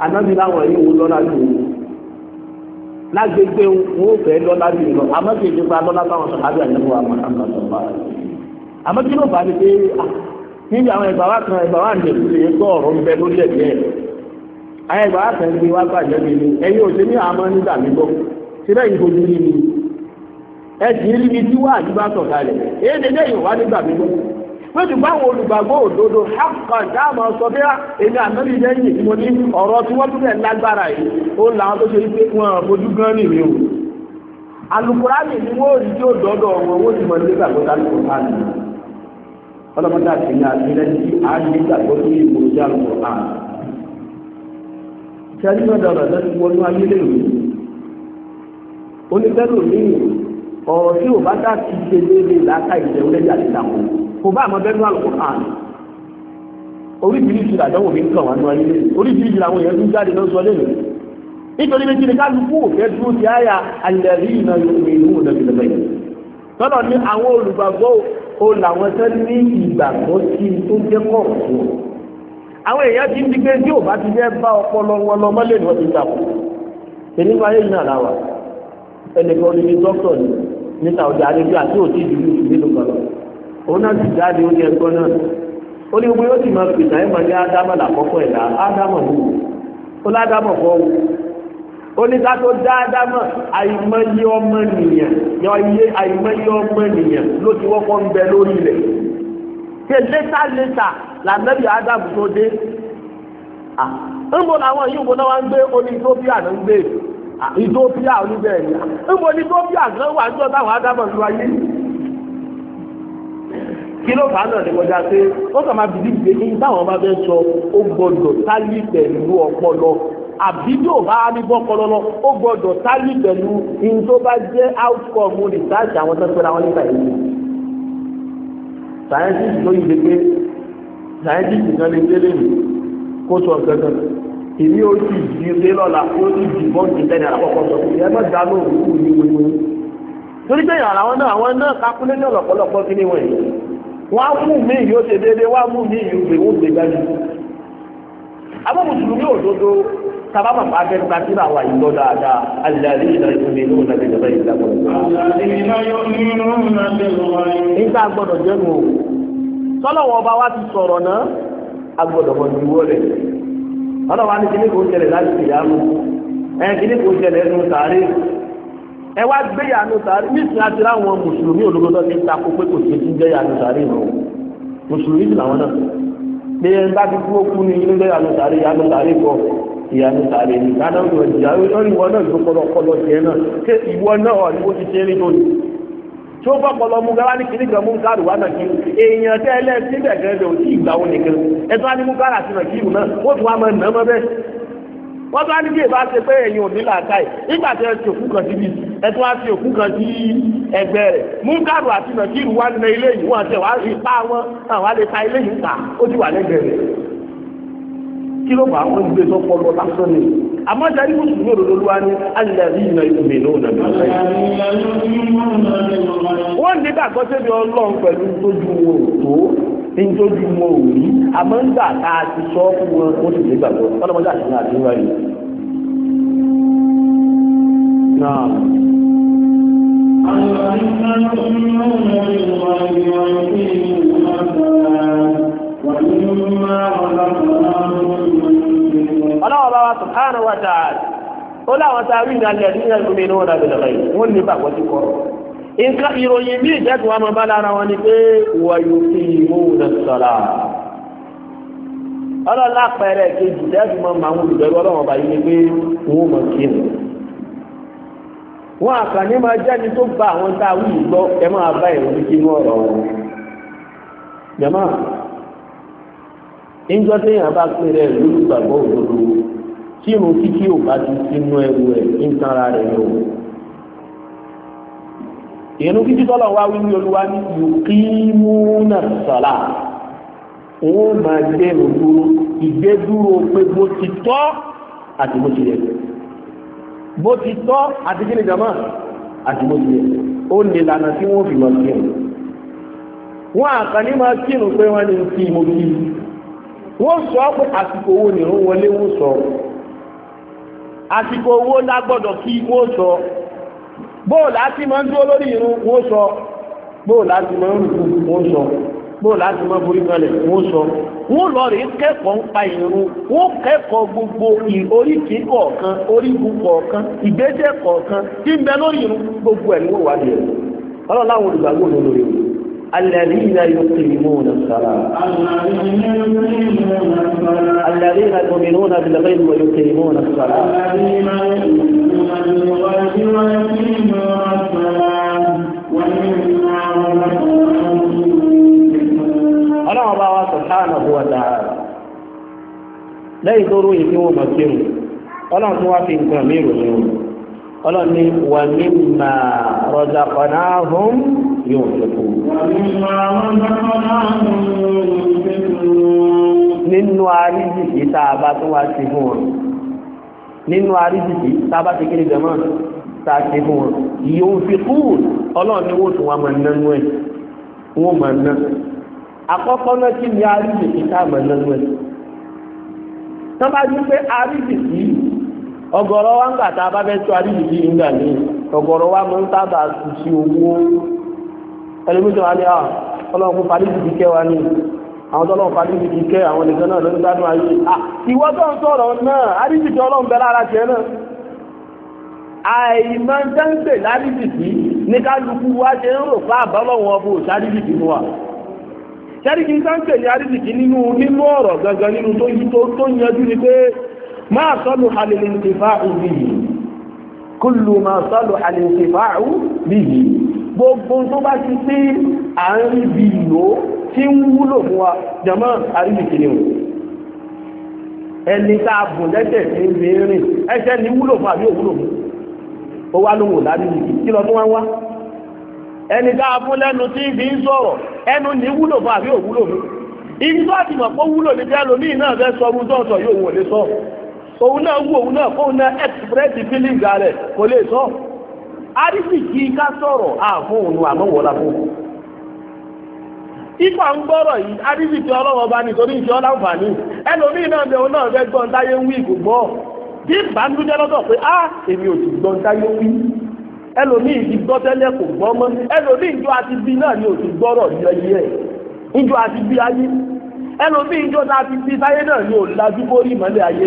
ànábì láwọn yìí wò lọ́la jù wò lágbègbè wọn fẹ́ lọ́la jù lọ lọ́la báwọn sọ̀rọ̀ àbí àyẹ̀wò àmọ́ àmọ́ kí ló bá mi pé níbi àwọn wa kan wa ń lè ọ̀rọ̀ ń bẹ lórí àwọn wa kan gbé wá bàjẹ́ mi ni ẹ̀yin ò ṣe ní àmọ́ nígbà mi gbọ́ lójú báwọn olùgbàgbọ́ òdodo hakan dáàmú sọ bí ah, èmi ànábì lẹ́yìn mo ní ọ̀rọ̀ tí wọ́n túbẹ̀ lágbára yìí ó làwọn tó ṣe wípé wọn àfojú gan ni mi o alukurani ni wọn ò rí tí ó dọdọ wọn wọn ti mọ ilé gbàgbọ́ alukurani ọlọmọdé àtìyàn àtìlẹ tí a ní gbàgbọ́ tó yẹ kó jẹ alukurani sẹ́ni mẹ́ta ọ̀rọ̀ lẹ́nu wọnú ayé lèwe onífẹ́lò ní ọ̀rọ̀ tí ò bá dá ti ṣe léèrè kò bá àmọ́ bẹ́ẹ̀ ní Al-Qur'an oríṣiríṣi àdánwò mi ń kàn wá ní ayé oríṣiríṣi làwọn èèyàn tún jáde lọ́sọ lẹ́nu nítorí méjì ni kálukú òfẹ́ dúró ti àyà alẹ́rí iná yorùbá ìlú òun lẹ́bi lẹ́bẹ̀ yìí tọ́lọ̀ ní àwọn olùgbàgbọ́ o làwọn tẹ́ ní ìgbàgbọ́ sí i tó jẹ́ kọ̀ọ̀rọ̀ fún ọ àwọn èèyàn ti ń di pé tí ò bá ti jẹ́ bá ọpọlọ wọn lọ mọ́lẹ̀ ni wọ́n ti gbàgbọ́ èmi wáyé yìí náà láwà ẹnìkan ní dókítà ní níta ọjà àlejò òun náà sì jáde ó ní ẹgbọ́n náà ó ní gbogbo yóò ti máa pèsè àyè máa ní ádámọ̀ làkọ́kọ́ ẹ̀dá ádámọ̀ wù ó ládámọ̀ fọ́ wù ó ní kátó dá ádámọ̀ àìmọye ọmọ nìyẹn yọ̀ọ́yé ọmọ nìyẹn ló ti wọ́pọ̀ ń bẹ lórí rẹ̀ ṣe létà létà ádámù tó dé làwọn yìí ń náà wá ń gbé ló ni gan kí ló fà á náà nígbàdá pé ó kàn máa bìbí ìgbé ní táwọn bá fẹ́ sọ ó gbọdọ̀ tálí pẹ̀lú ọpọlọ àbídò bá ní bọ́kọlọ lọ ó gbọdọ̀ tálí pẹ̀lú in tó bá jẹ́ outcome research àwọn tó ń pẹ́ra wọn nípa ìlú. scientist ló yìí pé scientist kan lè délé mi kó sọ nǹkan kan èmi ó sì di ilé lọ́la ó sì di bọ́ǹdì tẹ́lẹ̀ àkọ́kọ́ sọ pé ẹ má dá lóhùn kúrú ní wọ́n á mú mi yóò ṣe déédéé wọ́n á mú mi yóò gbé wọ́n gbé gbájú. àmọ́ mùsùlùmí òdodo sábà máa bá síra wa yìí lọ dáadáa alìláàrí ìlà ìfúnni inú ọ̀nà na ìjọba ìjọba. nígbà gbọ́dọ̀ jẹ́nu o sọ́lọ́wọ́ ọba wa ti sọ̀rọ̀ náà na ní kíní kò ń ṣẹlẹ̀ láti ṣèyá kíní kò ń ẹnu ẹ wá gbé yàánú sàárè nísìnyí àti láwọn mùsùlùmí ológodó ti ń takò pé kò sí ti ń jẹ́ yàánú sàárè mọ́ mùsùlùmí sì làwọn náà pé ẹ bá ti kú okú ní ilé lẹ́yìn yàánú sàárè yàánú sàárè kọ ìyàánú sàárè ní káná ìwọ ìyá lórí ìwọ náà ìlú kọlọkọlọ tiẹ̀ náà ṣé ìwọ náà ọ̀ ni ó ti ṣe é nítorí tí ó fọpọlọ mú gara ní kìnnìkan mú káàdù wá náà kí èèyàn tẹ́ ẹlẹ́sìn bẹ̀gẹ́rẹ́ lò sí ìgbà wo nìkan ẹ̀tọ́ á ní mú wá máa nà á mọ́ wọ́n bá ní bí ìbá ṣe pé ẹ̀yin ò ní làákàyè nígbà tí ẹ ti òkú kan síbi ẹ tún wá sí òkú kan sí ẹgbẹ́ rẹ̀ múkàrù àti nàkírù wá nínú ilé yìí wọ́n tẹ̀ wá rí ipá wọn àwọn àlè ta ilé yìí ta ó ti wà lẹ́gbẹ̀ẹ́ rẹ̀ kí ló bá wọn gbé tó pọ̀ lọ lásán ni àmọ́ ìdarí mùsùlùmí òdodo ló wá ní alẹ́rí iná ìgbìmọ̀ náà nàbí ọ̀sẹ̀ yìí. wọ́n ní gbàgbọ́ sẹ́bi ọlọ́run pẹ̀lú tójú wọn ò tó ní tó ju mọ òní àmọ́ nígbà tá a ti sọ fún wọn ó sì lè gbàgbọ́ ọlọ́mọdé àti ní àdúrà yìí. ọlọ́wọ́ bá wa subhanahu wa ta'ala ó láwọn sáré ìdánilẹ̀ ní náà bẹ̀rẹ̀ wọ́n ní ti kọ́. nǹkan ìròyìn bí ìjẹ́kùn wa máa bá lára wọn ni pé wọ̀nyí fi ìmúhùnà sọ̀rọ̀ ọlọ́lá pẹ̀rẹ̀ kejì ìjẹ́kùn máa máa ń olùbẹ̀rù ọlọ́wọ́n bá yí ni pé wọ́n mọ̀ kí ni. wọn àkànní máa jẹ́ni tó gba àwọn tá a wù yìí ẹ máa bá ìròyìn kí inú ọ̀rọ̀ wọn. jama ìjọ téèyàn bá pè rẹ̀ lórí ìgbàgbọ́ òdodo tí irun kíkí ò bá ti sínú ẹrù ẹ̀ ń tanra rẹ̀ lọ́wọ́ ìrún títí tọ́lọ̀ wá wí ní olúwa ní yùkímúnà sọ̀lá wọ́n máa jẹ́ ìrùdúró ìgbédúró pé bó ti tọ́ àti bó ti yẹ bó ti tọ́ àti kí ni jàmá àti bó ti yẹ ó lè lànà tí wọ́n fi lọ sí ẹ̀ wọ́n àkànní máa kírun pé wọ́n ní kí mo kí wọ́n sọ pé àsìkò owó nìrún wọlé wọ́n sọ àsìkò owó lágbọ́dọ̀ kí wọ́n sọ bóòlù àti máa ń dúró lórí irun wọ́n sọ bóòlù àti máa ń rùkú wọ́n sọ bóòlù àti máa borí kalẹ̀ wọ́n sọ wọ́n lọ rí kẹ́kọ̀ọ́ ń pa irun wọ́n kẹ́kọ̀ọ́ gbogbo oríkì kọ̀ọ̀kan orígun kọ̀ọ̀kan ìgbésẹ̀ kọ̀ọ̀kan tí ń bẹ lórí irun gbogbo ẹ̀ ni wọ́n wà lẹ́yìn ọlọ́run láwọn olùgbàgbọ́ ló lórí irun الذين يقيمون الصلاة الذين يؤمنون بالغيب ويقيمون الصلاة ọlọ́run bá wa subhanahu wa ta'ala lẹ́yìn tó ròyìn tí wọ́n mọ̀ sí mu ọlọ́run tó wá fi nǹkan mí ròyìn o ọlọ́run ní wa mimma razaqnahum yunfiqun. nínú arídìsí tá a bá tó wá sí fún wọn. nínú àríṣìṣì tábà ti kéré jẹmọ́ ta ṣe fún wọn ìyóò fi kúùn ọlọ́run ni wọ́n tún wá máa nánú ẹ̀ wọ́n máa ná àkọ́kọ́ náà kí ni àríṣìṣì tá a máa nánú ẹ̀ tán bá dín pé àríṣìṣì ọ̀gọ̀rọ̀ wa ń gbà tá a bá fẹ́ tó àríṣìṣì nígbà ní ọ̀gọ̀rọ̀ wa máa ń sábà ṣiṣẹ́ owó ẹlẹ́mìtì ah, wa ni ọlọ́run fún àríṣìṣì kẹwàá ni àwọn tọ́lọ́ pàdé ti kíkẹ́ àwọn nìkan náà ló ń gbádùn ayé ah, ìwọ tó ń sọ̀rọ̀ náà àríjìkì ọlọ́run bẹ lára tiẹ̀ náà àìmọ̀ dáńgbè láríjìkì ní kálukú wa ṣe ń rò fún àbálọ̀wọ̀n ọbọ̀ sáríjìkì fún wa sáríjìkì dáńgbè ní àríjìkì nínú nínú ọ̀rọ̀ gangan nínú tó yí tó yanjú ni pé máa sọ́lù halilẹ̀ ìtìfà òbí yìí kúlù máa sọ́lù halilẹ̀ ìtìfà òbí yìí gbogbo tó bá ti pé à ń rí bí ìlò tí ń wúlò fún wa jàmọ́ àríbìkì ni o ẹni tá a bùn lẹ́sẹ̀ ní ibi rìn ẹsẹ̀ ní wúlò fún àbí òwúlò fún ó wá lóhùn láríbìkì kí lọ fún wa wá ẹni tá a fún lẹ́nu tí ibi ń sọ̀rọ̀ ẹnu ní wúlò fún àbí òwúlò fún ibi tó àti mọ̀ pé wúlò ní bí ẹlòmíì náà fẹ́ sọ ohun tó sọ yóò wọlé sọ òun náà wú òun náà kóun náà express feeling rẹ̀ kò lè sọ. arísì kí ká sọ̀rọ̀ àfún òun Ipa ń gbọ́rọ̀ yìí, arísì tí ọlọ́wọ́ bá nítorí ìṣe ọláǹfààní. Ẹlòmíì náà náà fẹ́ gbọ́n táyé wí Bí bá ń lọ́dọ̀ pé á èmi ò ti gbọ́n táyé wí. Ẹlòmíì ti gbọ́ tẹ́lẹ̀ kò gbọ́ mọ́. Ẹlòmíì ìjọ àti bí ni ò ti gbọ́rọ̀ yọ iye ẹ̀. Ìjọ àti bí ayé. Ẹlòmíì ìjọ náà ti bí táyé ni ò lajú bórí ayé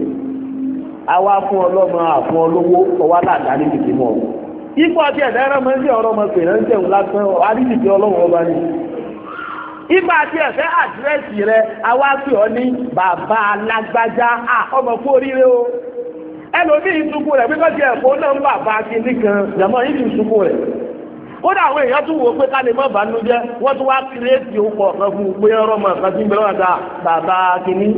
àwa fún ọlọ́mọ àfún ọlọ́wọ́ ọwọ́ aládàáni kìkì mọ́ ipò àti ẹ̀dá mọ́ ọ̀rọ̀ ọmọ pèrè ń lásán ọlọ́wọ́ ọba ni àti ẹ̀fẹ́ àdírẹ́sì rẹ àwa ní bàbá alágbájá ọmọ oríire o ẹlòmíì ti ẹ̀fọ́ náà ń kan jàmọ́ yìí ti kódà àwọn èèyàn tún wò ó pé ká lè tún wá fún un pé mọ̀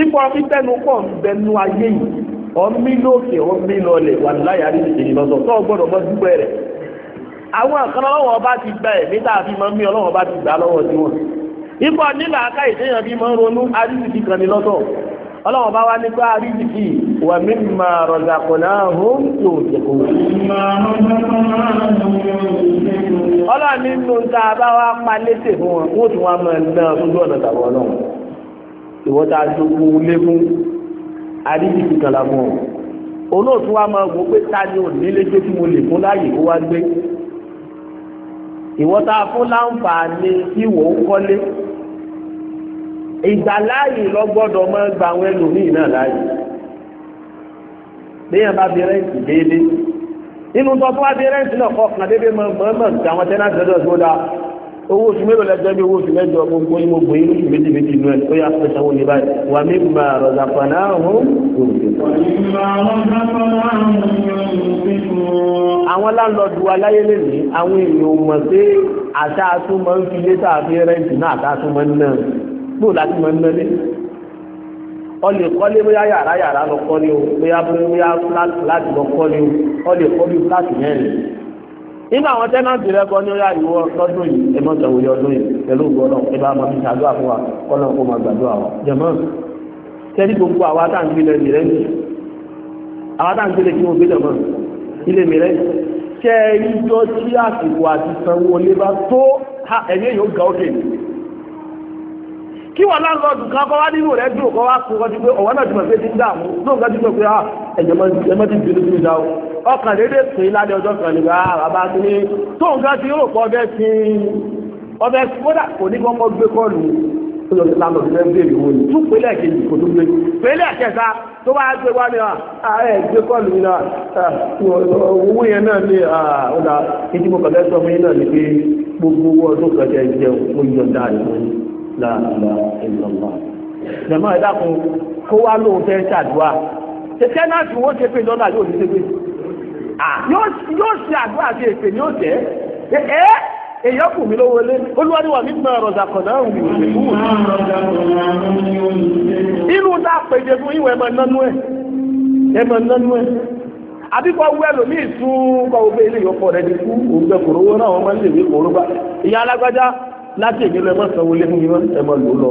ipò afipẹ́nu pọ̀ ń bẹnu ayé yìí ọmí lókè ọmí lọlẹ̀ wà láyà rí ìṣèlú lọ́sọ̀ tó gbọ́dọ̀ mọ́ dúpẹ́ rẹ̀ àwọn kan lọ́wọ́ bá ti gbà ẹ̀ níta àfi máa mí ọlọ́wọ́ bá ti gbà lọ́wọ́ sí wọn ipò nílà aká ìṣèyàn bí máa ronú arísìkì kan ní lọ́sọ̀ ọlọ́wọ́ bá wá nípa arísìkì wà mí máa rọ̀jà kò náà hó ń tó òṣèkò. ọlọ́ọ̀ni nù ta bá wá pa létè fún wọn wọ́n tún máa ń ná ìwọ́n tá a jogún ilé fún àríyìí kan la fún olóòtú wa máa wò pé ta ni ò nílé tó tí mo lè fún láàyè kó wá gbé ìwọ́n tá a fún láǹfààní ìwọ̀ ń kọ́lé ìgbàláàyè lọ́gbọ́dọ̀ máa gba àwọn ẹlòmíì náà láàyè léèyàn bá fi rẹ́ǹtì déédéé nínú tó fún wa fi rẹ́ǹtì náà kọ̀ọ̀kan déédéé máa mọ̀ọ́mọ̀ àwọn tẹ́lá tẹ́lá tó dáa owó oṣù mélòó lẹ́jọ́ bí owó oṣù mẹ́jọ gbogbo yín gbogbo yín lóṣù méjì méjì nù ẹ̀ ó yà pèsè àwọn òní báyìí wà mí mà rọ̀zàpàná ọ̀hún àwọn láńlọ́ọ̀dù aláyé lèmi àwọn èèyàn ò mọ̀ pé àtà àtúmọ̀ ń fi létà fi rẹ́ǹtì náà àtà àtúmọ̀ ń nà gbò láti mọ̀ ń nà ọ lè kọ́lé bóyá yàrá yàrá lọ kọ́lé o bóyá bóyá fúláàtì lọ kọ́lé o ọ lè kọ́lé fúláàtì mẹ́rin nínú àwọn tẹ́nàtì rẹ kọ́ ní ó yá ìwọ lọ́dún yìí ẹ mọ̀ sọ̀wọ́ ọdún yìí pẹ̀lú gbọ́dọ̀ ẹ bá mọ̀ fi ṣàdúrà fún wa kọ́nà kó máa gbàdúrà wa. jẹ̀mọ́ tẹ́lí gbogbo àwa tá à ń gbélé mi rẹ́ ní àwa tá à ń gbélé kí wọ́n gbé jọ̀mọ́ ilé mi rẹ́ ṣe é yíjọ́ tí àsìkò àti sanwó olé bá tó ẹ̀yẹ́ yóò ga òkè kí wọn láńlọ́ọ̀dù kan kọ́ wá nínú rẹ̀ dùn kọ́ wá kó kọ́ ti pé ọ̀wọ́ náà ti mọ̀ pé ti ń dààmú lóun kan ti mọ̀ pé ẹ̀jẹ̀ ti bínú sí o ọkàn dédé pé ládé ọjọ́ kan nígbà ah, bàbá tó ní tó nǹkan ti rò pọ̀ ọbẹ̀ sí ọbẹ̀ kódà kò ní kọ́kọ́ gbé kọ́ọ̀lù ó lọ sí lánà tó fẹ́ béèrè wọn yìí tún pélé ẹ̀kejì kò tó gbé pélé ẹ̀kẹta tó bá gbé wá ní ààrẹ ah, ah, gbé kọ́ọ̀lù mi náà owó yẹn náà ní ọ̀dà ìdí mo kàn fẹ́ sọ fún yín náà ní pé gbogbo owó ọdún kan jẹ́ jẹun mo yọ̀ǹda rẹ̀ mọ́ láàlá ìlọ́lá jẹ̀mọ́ ẹ̀dá kan kó wá lóun fẹ́ ṣàdúrà tẹ̀tẹ̀ náà ti wọ́n ṣe pé lọ́nà yóò ní ṣẹ́gbẹ́ yóò ṣe àdúrà sí èpè ní òjẹ́ ẹ èyàn kù mí lówó lé olúwa ni wà mí gbọ́n ọ̀rọ̀ ṣàkọ̀dá òun yóò ṣe kúrò. inú ta pèjè fún ìwọ ẹ̀mọ nánú ẹ̀ ẹ̀mọ nánú ẹ̀ àbíkọ wú ẹlòmíì tún kọ òbẹ ilé ìyọkọ rẹ ti kú òun bẹ kòrò owó náà wọn máa ń lè wí kòrò bá ìyá alágbájá láti èmi lọ ẹmọ sanwó lé fún mi ẹmọ lò lọ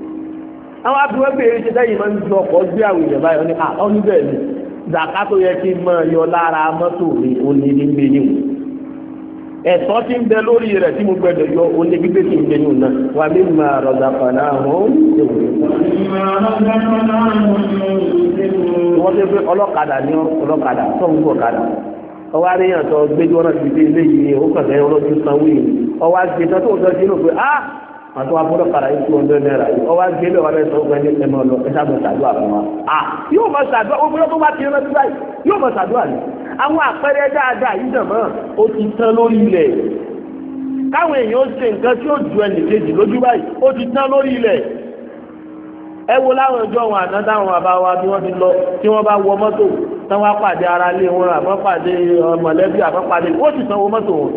àwọn abiwọ́ bèrè ṣe sẹ́yìn máa ń ju ọkọ̀ gbé àwọn èèyàn ní àwọn ni yẹ kí n yọ lára mọ́tò mi ó ní ní gbé yìí wò ń bẹ lórí rẹ̀ tí mo gbẹdọ̀ yọ ó gbígbé kí n gbé yìí náà wà mí máa rọ̀dà padà hàn ṣe wò. wọ́n ṣe pé ọlọ́kadà ní ọlọ́kadà ọwọ́ gbẹjọ́ náà ti àti wàá gbọ́dọ̀ kàrà yìí tó ń dọ́nà rà yìí ọwọ́ àgbélé wà lẹ́sọ̀ ó gbẹ́ni ẹ̀mọ́ lọ ẹ̀sà mọ̀ sàdúà fún wa. à yóò mọ̀ sàdúà ó gbọ́dọ̀ tó bá ti rántí báyìí yóò mọ̀ sàdúà ni. àwọn àpẹẹrẹ dáadáa yìí dàn mọ́ ó ti tán lórí ilẹ̀. káwọn èèyàn ó ṣe nǹkan tí ó ju ẹnì kejì lójú báyìí ó ti tán lórí ilẹ̀. ẹ wo láwọn ọjọ́ wọn àná táwọn bàbá wa bí wọ́n ti lọ tí wọ́n bá wọ mọ́tò táwọn apàdé ara lé wọn àbọ̀pàdé mọ̀lẹ́bí àbọ̀pàdé ó ti sanwó mọ́tò wọn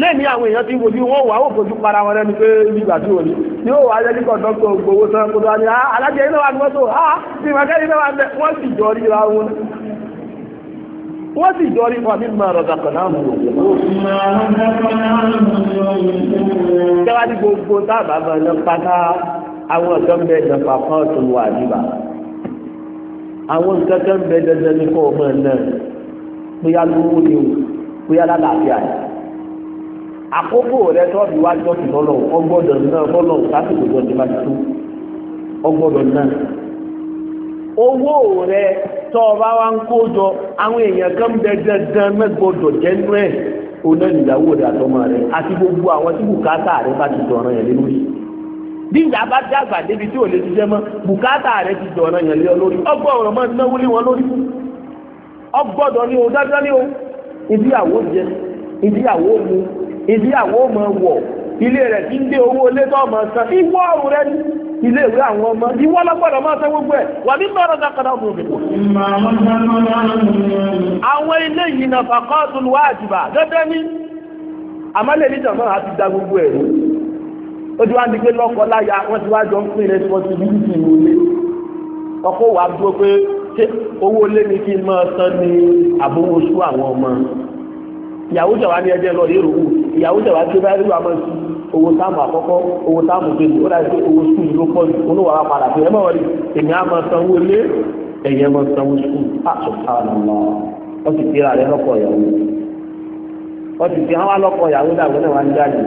lẹ́ẹ̀ni àwọn èèyàn ti wojú wọn wà ó fojú para wọn lẹ́nu pé ibi ìgbà tí ò ní ni ó wà lẹ́ni kọ̀ọ̀dọ́ tó gbowó tán kó dání ah, alájẹ iná wà ní mọ́tò ah bí màkẹ́ iná wà bẹ́ẹ̀ wọ́n sì jọ ríra wọn. wọ́n sì jọ rí wọn nínú ọ̀rọ̀dà kan náà mú un. jẹ́wá ní gbogbo táàbà máa ń pátá àwọn ọ̀dọ́ bẹ ìjọba kan tó wà níbà àwọn nǹkan kan bẹ dandan ní kó o máa àkókò rẹ tó bí wájú ọ̀sìn lọ́lọ́ ọgbọ́dọ̀ náà lọ́lọ́ lásìkò tó ti bá ti tó ọgbọ́dọ̀ náà. owó rẹ tó o bá wá ń kó jọ àwọn èèyàn kan ń bẹ dandan mẹ́gbọ́dọ̀ jẹ́nu ẹ̀ oná ìyàwó rẹ àtọmọ rẹ àti gbogbo àwọn tí bùkátà rẹ bá ti dọ̀ràn yẹn lórí. bí ìyá bá dàgbà débi tí ò lè ṣiṣẹ́ mọ́ bùkátà rẹ ti dọ̀ràn yẹn lórí ọgbọ́dọ̀ máa náwó lé wọn lórí ọgbọ́dọ̀ ni o dájọ́ ni o ìdíyàwó jẹ ìdíyàwó mu ilé àwọn ọmọ wọ̀ ilé rẹ̀ ti ń dé owó ilé tó ọmọ san ìwọ ọrùn rẹ ní ilé ìwé àwọn ọmọ ìwọ lọ́gbọ́dọ̀ máa san gbogbo ẹ̀ wà ní bọ́ọ̀rọ̀ dákàdá ọmọ òbí. àwọn ilé yìí náà fàkọ́ọ̀tù wá àjùbà dẹ́dẹ́ ní àmọ́lẹ̀ ní jọ̀mọ́ àti da gbogbo ẹ̀ ó ti wá ní pé lọ́kọ láya wọ́n ti wá jọ ń pín responsibility wọlé ọkọ wàá dúró pé owó lé ní kí n máa san ní àbówóṣù àwọn ọmọ ìyàwó jọ̀wá ní ẹjẹ́ lọ yẹ̀rọ wù ìyàwó tẹ̀ wá sí báyìí wà máa sí owó táàmù àkọ́kọ́ owó táàmù kejì ó dàbí pé owó skul ló pọ̀ jù ó ló wà padà sí ẹ̀mọ́ wọlé èmi á máa sanwó lé ẹ̀yẹ máa sanwó skul àtò àlọ́ wọ́n ti tẹ́ra rẹ lọ́kọ̀ ìyàwó wọ́n ti tẹ́ àwọn lọ́kọ̀ ìyàwó dàgbọ́ náà wá ń jáde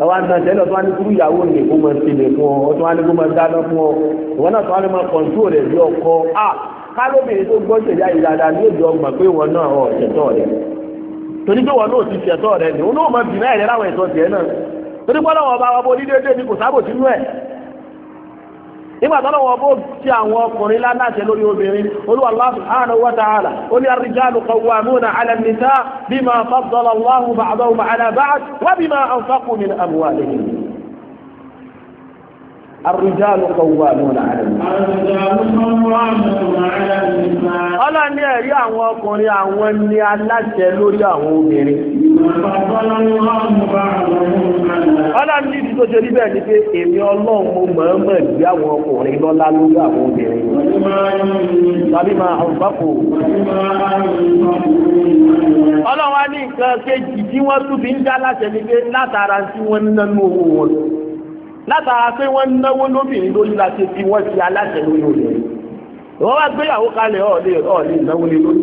àwọn àna tẹ́lẹ̀ tó wá ní kúrú ìyàwó ní kó máa ṣe lè fún ọ tó wá ní kó máa dáná fún ọ ìwọ náà tó wá ní máa kọ̀ǹtó rẹ̀ bí ọkọ a ah, kálóbìnrin tó gbọ́ ṣèjá ìdáadáa ní èdè ọgbà pé ìwọ náà ọ̀ ṣẹ̀tọ́ rẹ̀ torí pé wọn náà ti fi ẹ̀tọ́ rẹ ni wọn náà mọ bìnnà ẹ̀rẹ́ láwọn ẹ̀tọ́ tiẹ̀ náà torí pé ọlọ́wọ́ ọba ọba onídéédé ni kò sábò sínú ẹ̀ nígbà tó lọ́wọ́ bó ti àwọn ọkùnrin láláṣẹ lórí obìnrin olúwa Allah subhanahu wa ó ní ar-rijalu qawwamuna 'ala an-nisaa bima faddala Allahu ba'dahum 'ala ba'd wa bima anfaqu min amwalihim àrùjálù kọ̀wà lọ́nà àrẹ̀. ọlọ́run ní ẹ̀rí àwọn ọkùnrin àwọn ní aláṣẹ lórí àwọn obìnrin. ọlọ́run ní tó ṣe rí ni pé èmi ọlọ́run mo mọ̀ọ́mọ̀ gbé àwọn ọkùnrin lọ́lá lórí àwọn obìnrin. tàbí máa ní nǹkan kejì tí wọ́n tún fi ń dá láṣẹ pé látara owó wọn. látara pé wọ́n náwó lóbìnrin lórí láti fi wọ́n ti aláṣẹ lórí obìnrin wọ́n wá gbéyàwó kalẹ̀ ọ̀ọ́lẹ̀ ọ̀ọ́lẹ̀ ìnáwó lé lórí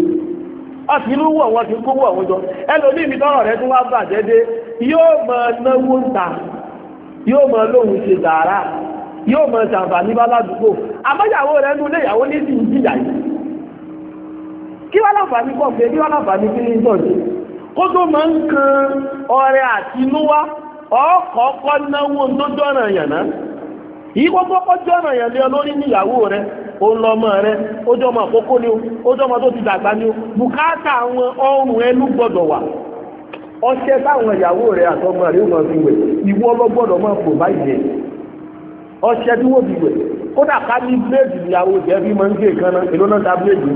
ọ̀sìnú wọ̀ wọ́n ti kówó àwọn jọ ẹlòmíì mi tọrọ rẹ tún wá bàjẹ́ dé yóò máa náwó ta yóò máa lóhùn ṣe dàrá yóò máa ṣàǹfààní bá ládùúgbò àmọ́yàwó rẹ nulẹ̀ ìyàwó ní ti ń jìyà yìí kí wọ́n láǹfààní pọ̀ pé kí wọ́n láǹfààní kí ní tọ̀jú kó tó máa ń kan ọrẹ àtinúwá ọkọ̀ọ̀kọ́ náwó na jọ́ràn yàn náà yìí kọ́kọ́ jọ́ràn yàn lé lórí níyàwó rẹ ó ọmọ rẹ ó ọmọ àkókò ni ó ọmọ tó ti dàgbà ni bùkátà àwọn ọrùn ẹnu gbọdọ wà ọṣẹ rẹ àtọmọ rẹ fi ìwọ máa fò báyìí ọṣẹ tí fi kódà ká ní bíléèdì ìyàwó bí máa ń gé èló náà ta bíléèdì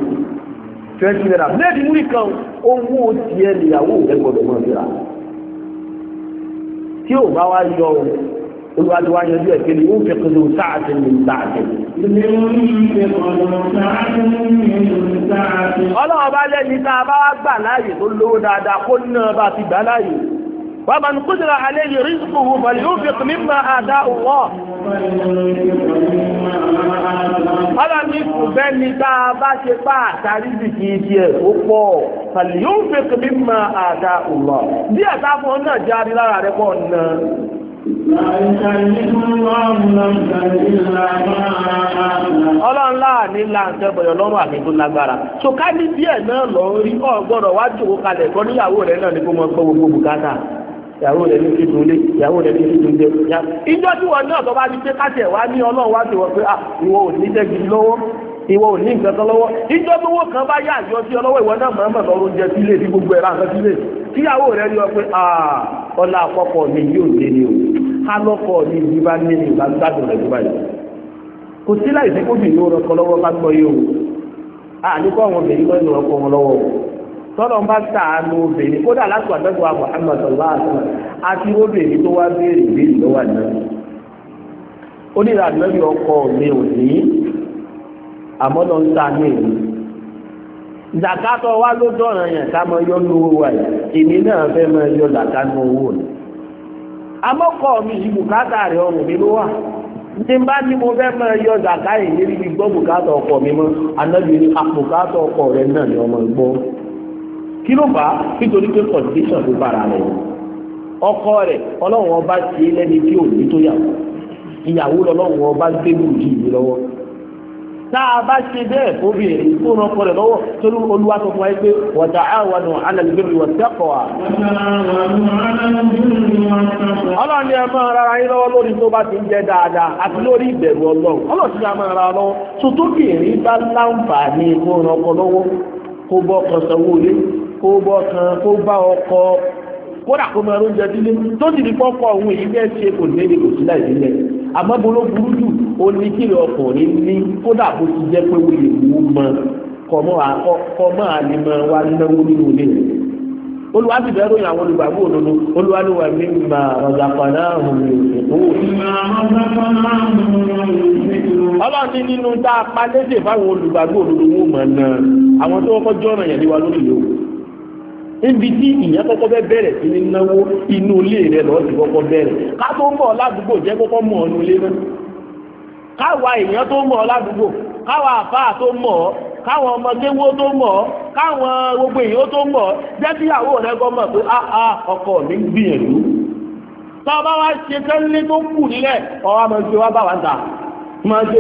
twenty naira bíléèdì mú ìkan owó tiẹ̀ níyàwó rẹ gbọdọ̀ máa tí ò bá wá yọ o olùwàdí wa yanjú ẹ̀ kéde yóò fi kudu sáàtì ní sáàtì. ọlọ́wọ́ bá lẹ́yìn tá a bá wá gbà láàyè tó lówó dáadáa kó nínú ọba ti gbà láàyè. ومن قدر عليه رزقه فلينفق مما آتاه الله ọlọ́ ní ìfúnfẹ́ ni tá a bá ṣe bá àtàrí bì kì í tiẹ̀ ó pọ̀ فلينفق مما آتاه الله bí ẹ̀ta fún ọ náà jáde lára rẹ̀ pọ̀ nà. ọlọ́nlá ní láǹtẹ̀ bọ̀yọ̀ lọ́rùn àmì lágbára so ká ní díẹ̀ náà lọ rí ọ̀ gbọ́dọ̀ wá jòkó níyàwó rẹ̀ náà ní kó mọ gbọ́ gbogbo bùkátà ìyàwó rẹ̀ ní kíkún lé ìyàwó rẹ̀ ní kíkún lé. ìjọ tí wọn náà tó bá di pé káṣẹ̀ wá ní ọlọ́run wá sí wọn pé ìwọ ò ní dẹ́gi lọ́wọ́ ìwọ ò ní nǹkan kan lọ́wọ́ ìjọ tó wọ́n kan bá yá àjọ sí ọlọ́wọ́ ìwọ náà máa ń bàtọ́ oúnjẹ sílé sí gbogbo ẹ̀rọ àkàn sílé tíyàwó rẹ̀ ní ọ pé ọlá àkọ́kọ́ mi yóò dé ni o alọ́kọ̀ mi yìí bá ní ìgbà gbádùn rẹ̀ tó báyìí kò sí láì sí kóbìnrin ó rọkọ lọ́wọ́ bá gbọ́ yìí o àníkọ́ àwọn obìnrin mọ́ ìrọ̀kọ́ wọn lọ́wọ́ o tọ́lọ̀ ń bá sàánú obìnrin kódà láti wà lọ́dọ̀ àwọn amọ̀tọ̀lá àti obìnrin tó wá béèrè ìbéèrè lọ́wọ́ àná onírà lọ́bí ọkọ mi ò ní àmọ́ lọ ń sàánú èmi zakatọ wa ló dọ̀ràn yẹn ká máa yọ lówó wa yìí èmi náà fẹ́ máa yọ zakatọ owó ni amọ́kọ mi yìí bùkátà rẹ̀ ọrùn mi ló wà tí n bá ní mo fẹ́ máa yọ zakatọ yìí níbi gbọ́ bùkátà ọkọ mi mọ́ anábìrin ah, àpòkátà ọkọ rẹ̀ náà ni ọmọ gbọ́. kí ló fà á nítorí pé condition ló bára rẹ ọkọ rẹ ọlọ́run ọba ti lẹ́ni tí o tó yàwó ìyàwó ọba gbé lùdì lọ́wọ́ tá a bá ṣe bẹ́ẹ̀ obìnrin tó ràn ọkọ lọ́wọ́ torí olúwa fún wa pé àwọn wọ̀ ẹ máa yín lọ́wọ́ lórí bá ti ń jẹ́ dáadáa àti lórí ìbẹ̀rù ọlọ́run máa lọ́wọ́ tó bá lọ́wọ́ kó bọ́ kan kó bá ọkọ kódà kó máa lóúnjẹ dílé tó sì ní pọ́pọ́ òun èyí bẹ́ẹ̀ ṣe kò ní èdè kò sí láì nílẹ̀ àmọ́ bolo burú jù ó ní kí lè ọkùnrin ní kódà bó ti jẹ́ pé wọ́n lè wú mọ́ kọ́ máa lè máa wá náwó nínú ilé rẹ̀ olùwàbìbẹ̀ ẹ̀rọ ìyàwó olùgbàgbọ́ òdodo olùwàlúwà mi mà ọ̀zàpàdà ọ̀hún ìṣẹ̀kọ́. ọlọ́run ní nínú tá a pa lédè fáwọn olùgbàgbọ́ òdodo wọn mọ̀ náà àwọn tó kọjọ́ ọ̀nà yẹn ní wa lórí ìlú níbi tí ìyá kọ́kọ́ bẹ́ bẹ̀rẹ̀ sí ní náwó inú ilé rẹ̀ lọ́ọ́ ti kọ́kọ́ bẹ̀rẹ̀ ká tó mọ̀ ládùúgbò jẹ́ kọ́kọ́ mọ̀ ọ́nú ilé náà káwa èèyàn tó mọ̀ ládùúgbò káwa àfáà tó mọ̀ káwọn ọmọ kéwó tó mọ̀ káwọn gbogbo èèyàn tó mọ̀ jẹ́ kí ìyàwó rẹ̀ kọ́ mọ̀ pé áá ah, ah, ọkọ mi ń gbìyànjú tọ́ bá wá ṣe kẹ́lé tó kù nílẹ̀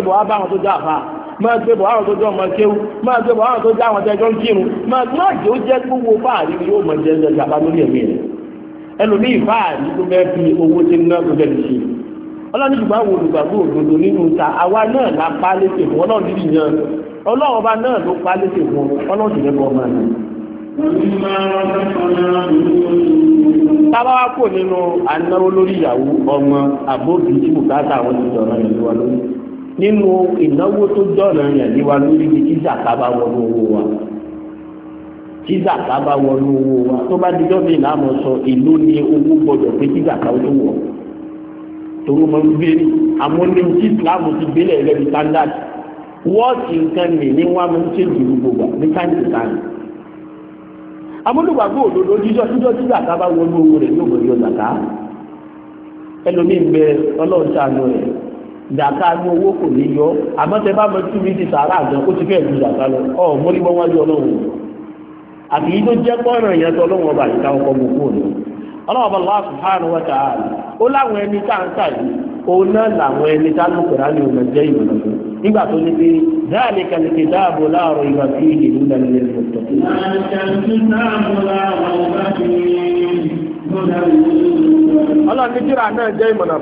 ọ̀ máa gbé bọ̀ àwọn tó jọ ọmọ kéwú máa gbé bọ̀ àwọn tó jẹ́ àwọn tẹ́jọ́ ń kírun máa gbé àjò jẹ́ gbogbo fáàrí ni yóò mọ̀ jẹ́ ẹ̀jẹ̀ gàba lórí ẹ̀mí rẹ̀ ẹlòmíì fáàrí tó fẹ́ fi owó tí ń ná tó fẹ́ ṣe ọlọ́run ìgbà wo olùgbàgbọ́ òdodo nínú ta àwa náà la pa létè fún ọlọ́run níbi yan ọlọ́run ọba náà ló pa létè fún ọlọ́run sì lẹ́nu ọmọ kò nínú anáwó lórí ìyàwó ọmọ àbóbi tí bùkátà àwọn ti ìlú wa lórí nínú ìnáwó tó jọ̀nà yàn ni wa lórí ibi tí zaka bá wọnú owó wa tí zaka bá wọnú owó wa tó bá dijọ́ mi là mọ̀ sọ ìlú ni owó gbọdọ̀ pé tí zaka ó tó wọ̀ torí mo ń gbé àmọ́ ní ti Islam ti gbélé rẹ̀ bí standard wọ́ọ̀tì nǹkan nì ní wọ́n máa ń ṣe ìlú gbogbo ní táǹtì táǹtì amúlùgbàgbọ́ òdodo jíjọ́ jíjọ́ tí zaka bá wọnú owó rẹ̀ yóò gbọdọ̀ zaka ẹlòmíì bẹ zaka ní owó kò ní yọ àmọ́ tẹ bá mọ tí mi ti sàárà àgbọn ó ti fẹ́ẹ̀ ju zaka lọ ọ mórí bọ́ wájú ọlọ́run àti yìí tó jẹ́ pọ́nrán ìyẹn tó ọlọ́run ọba àyíká ọkọ̀ mọ̀ kúrò ọlọ́run ọba Allah subhanahu wa ta'ala ó láwọn ẹni tá à ń tàyè òun náà làwọn ẹni tá ló ní ọmọ jẹ́ nígbà tó ní pé dáàlì dáàbò ìwà ìlú tó. ọlọ́run ní jíra náà jẹ́ ìmọ̀nà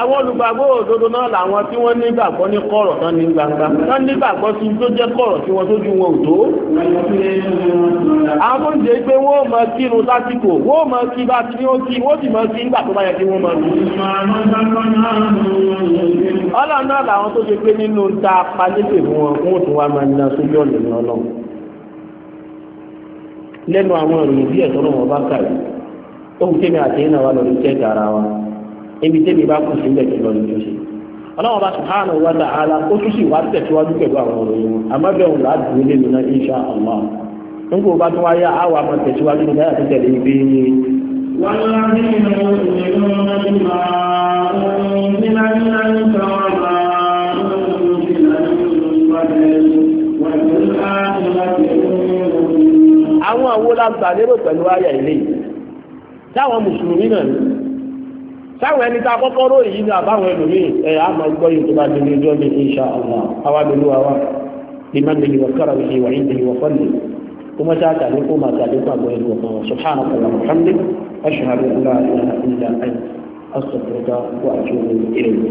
àwọn olùgbàgbọ́ òdodo náà làwọn tí wọ́n nígbàgbọ́ ní kọ̀rọ̀ náà ní gbangba náà nígbàgbọ́ sí tó jẹ́ kọ̀rọ̀ tí wọ́n tójú wọn ò tó. àwọn oúnjẹ pé wọ́n máa kírun lásìkò wọ́n máa kí bá ti ní ó kí wọ́n sì máa kí nígbà tó bá yẹ kí wọ́n máa kí. ọlọ́run náà làwọn tó ṣe pé nínú ta palébè fún wọn fún òtún wa máa ná sójú ọ̀nà ìrìn ọlọ́run lẹ́nu àwọn ìròyìn bí ẹ̀tọ́ náà wọ́n bá kà yìí ohun tèmi àti yín náà wà lórí tẹ́ẹ̀kì ara wa ibi tèmi bá kù sí ń bẹ̀kì lọ nínú ṣe ọlọ́wọ́n bá subhanahu wa ta'ala ó tún sì wá tẹ̀síwájú pẹ̀lú àwọn ọ̀rọ̀ yìí amábẹ́hùn láàdúró lé mi náà insha allah nígbà bá tún wáyé àwọn àmọ́ tẹ̀síwájú ní dáyà tẹ̀lé ní. wọ́n lọ àwọn àwo la gbà lérò pẹ̀lú yìí táwọn mùsùlùmí náà ní sáwọn ẹni tá a kọ́kọ́ ròyìn yìí ní àbáwọn ẹlòmíì ẹ̀ á máa gbọ́ yìí tó bá délé ọjọ́ ní insha Allah àwa lólu àwa lèman lè wọ kára lè wà ní ìwọ fọ́lẹ̀ kó mọ́tà àtàlẹ́ kó máa tàlẹ́ kó àgbọ̀ ẹ̀dùn ọ̀kan wọn subhanahu wa ta'ala alhamdulilayi ashhadu an la ilaha illa anta